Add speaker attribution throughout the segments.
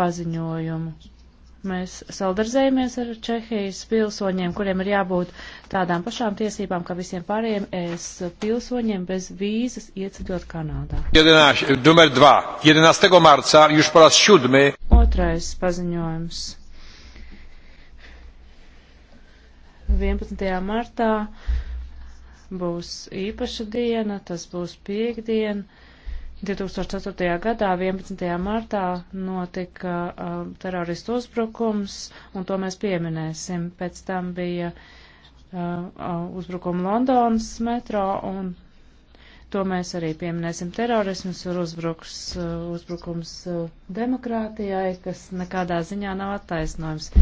Speaker 1: paziņojumu. Mēs saldarzējamies ar Čehijas pilsoņiem, kuriem ir jābūt tādām pašām tiesībām, kā visiem pārējiem es pilsoņiem bez vīzas ieceļot Kanādā. 11, numer 2. 11. marca, jūs parās 7. Otrais paziņojums. 11. martā būs īpaša diena, tas būs piekdiena. 2004. gadā 11. martā notika uh, teroristu uzbrukums, un to mēs pieminēsim. Pēc tam bija uh, uh, uzbrukumi Londonas metro, un to mēs arī pieminēsim. Terorisms ir uzbruks, uh, uzbrukums uh, demokrātijai, kas nekādā ziņā nav attaisnojums.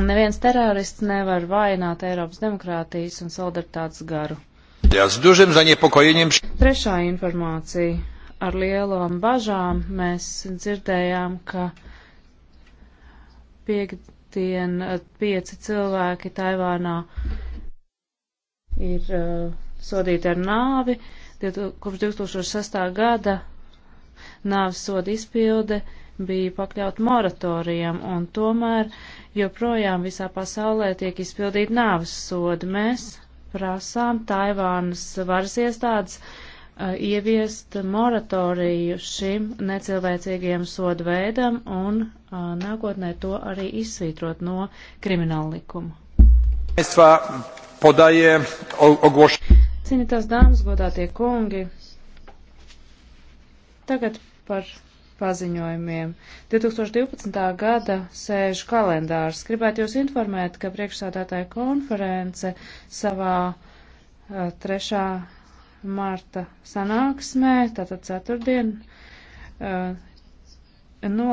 Speaker 1: Un neviens terorists nevar vainot Eiropas demokrātijas un solidaritātes garu. Trešā informācija. Ar lielām bažām mēs dzirdējām, ka piekdien eh, pieci cilvēki Taivānā ir uh, sodīti ar nāvi. Kopš 2006. gada nāves soda izpilde bija pakļaut moratorijam, un tomēr joprojām visā pasaulē tiek izpildīti nāves sodi. Mēs prasām Taivānas varas iestādes uh, ieviest moratoriju šim necilvēcīgajam sodu veidam un uh, nākotnē to arī izsvītrot no krimināla likuma. Cienītās dāmas, godātie kungi, tagad par paziņojumiem. 2012. gada sēžu kalendārs. Gribētu jūs informēt, ka priekšsādātāja konference savā uh, 3. marta sanāksmē, tātad ceturtdien, uh, no